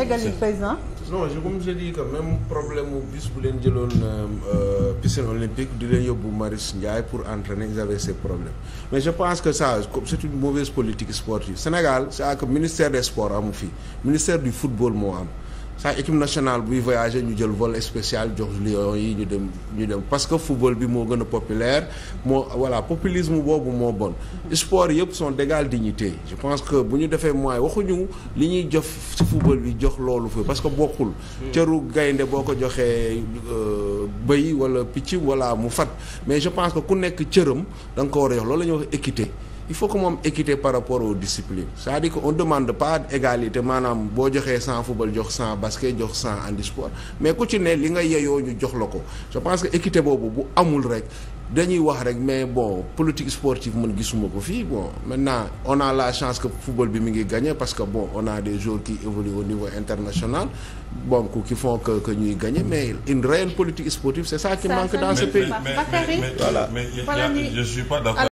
égali président. non je comme je dis que même problème mu bis bu leen jëloon euh, piscine olympique di leen yóbbu Maris Ndiaye pour entraîner ils avaient ces problèmes mais je pense que ça comme c'est une mauvaise politique sportive Sénégal c'est à ministère des sports amu fi ministère du football moo am. sax équipe nationale buy voyager ñu jël vol spécial jox lion yi ñu dem ñu dem parce que football bi moo gën a populaire moo voilà populisme boobu moo bon sport yëpp sont d'égale dignité je pense que bu ñu defee mooy waxuñu li ñuy jox ci football bi jox loolu fa parce que bokkul cëru gaynde boo ko joxee euh, bëy wala picc wala mu fat mais je pense que ku nekk cëram da nga ko war a jox loolu la ñuy wax équité il faut que moom am équité par rapport aux disciplines cest à que on demande pas égalité maanaam boo joxee cent football jox cent basket jox indi handisport mais ku ci ne li nga yeyoo ñu jox la ko je pense que équité boobu bu amul rek dañuy wax rek mais bon politique sportive man gisuma ko fii bon maintenant on a la chance que football bi mi ngi gagné parce que bon on des joueurs qui évoluent au niveau international bon qui font que que ñuy gagné mais une réelle politique sportive c'est ça qui ça, manque ça dans ce Mais,